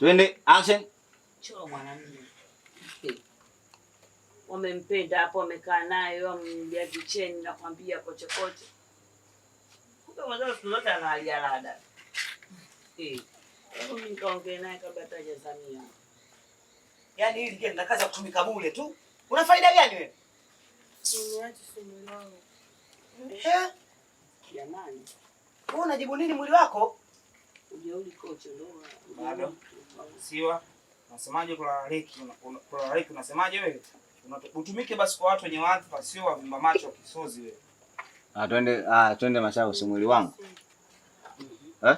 Twende action. Choo mwanangu. Wamempenda hapo, wamekaa naye, yeye wamjia kicheni na kwambia kocho kocho. Kumbe mwanzo tunaleta na hali ya rada. Eh. Hebu nikaongea naye kabla taja Samia. Yaani hili kile nakaza kutumika bure tu. Una faida gani wewe? Niache simu yangu. Eh? Jamani. Wewe unajibu nini mwili wako? bado siwa. Unasemaje unasemaje wewe? Utumike basi kwa watu wenye wavimba macho kisozi wewe. Ah, twende ah, twende Mashau, wangu. Eh?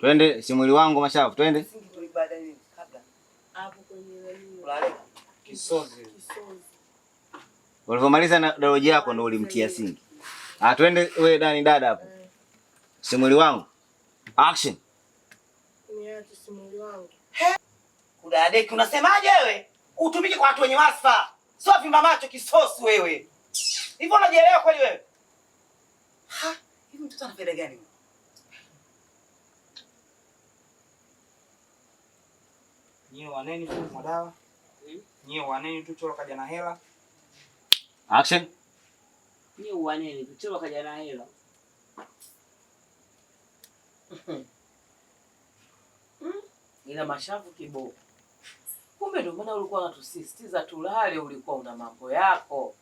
Twende wangu twende. Ulivyomaliza na daraja yako ndo ulimtia singi. Ah, twende Dani dada hapo simuli wangu. Action. Niache simuli wangu. Kudadeki unasemaje wewe? Utumike kwa watu wenye wasa. Sio vimba macho kisosi wewe. Hivyo unajielewa kweli wewe? Ha, hivi mtoto ana faida gani? Nyie waneni tu madawa. Hmm? Nyie waneni tu choro kaja na hela. Action. Nyie waneni tu choro kaja na hela. Hmm? Ina mashavu kiboko. Kumbe ndio maana ulikuwa unatusisitiza tulale, ulikuwa una mambo yako.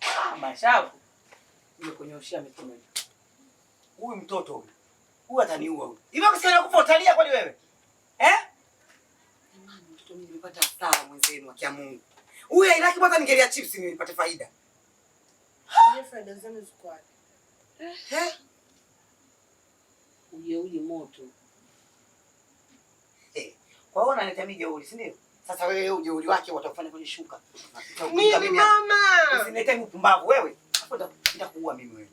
Ah, mashavu imekunyoshia mikono. hiyo. Huyu mtoto huyu huyu ataniua huyu. Hivi ukisikia kufa utalia kwani wewe eh? Mama, Mtoto mimi nilipata hasara mwenzenu wa kiamungu huyu, ailaki bwana, ningelia chips nipate faida. Ni Faida zenu ziko wapi? Eh? ujeuri moto. Hey, eh, kwa hiyo unaleta mimi jeuri, si ndio? Sasa wewe ujeuri wake watakufanya kwenye shuka. Mimi mama. Usinilete mpumbavu wewe. Hapo nitakuua mimi wewe.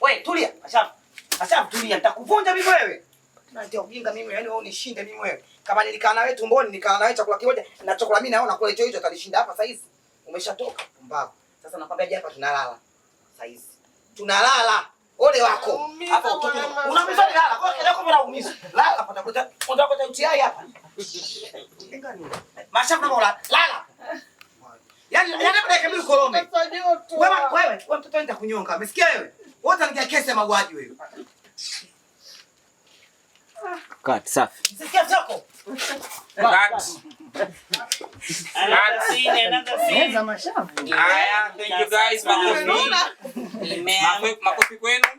Wewe tulia, acha. Acha tulia, nitakuvunja mimi wewe. Unaletea ujinga mimi, yani wewe unishinde mimi wewe. Kama nilikaa na wewe tumboni, nikaa na wewe chakula kimoja na chakula mimi naona kule hicho hicho atanishinda hapa saizi. Umeshatoka mpumbavu. Sasa nakwambia je hapa tunalala. Saizi. Tunalala. Ole wako. Hapa utoke. Unamizani lala. Kwa kile yako bila umizo. Lala kuja kuja kuja UTI hapa. masha kuna na lala. yani Yaani yaani kabili korome. Wewe wewe wewe mtoto enda kunyonga. Umesikia wewe? Wote anakia kesi ya mauaji wewe. Cut, safi. Sikia soko. Cut. Cut. Cut. Cut. Cut. Cut. Cut. Cut. Cut. Cut. Amen. Makofi kwenu.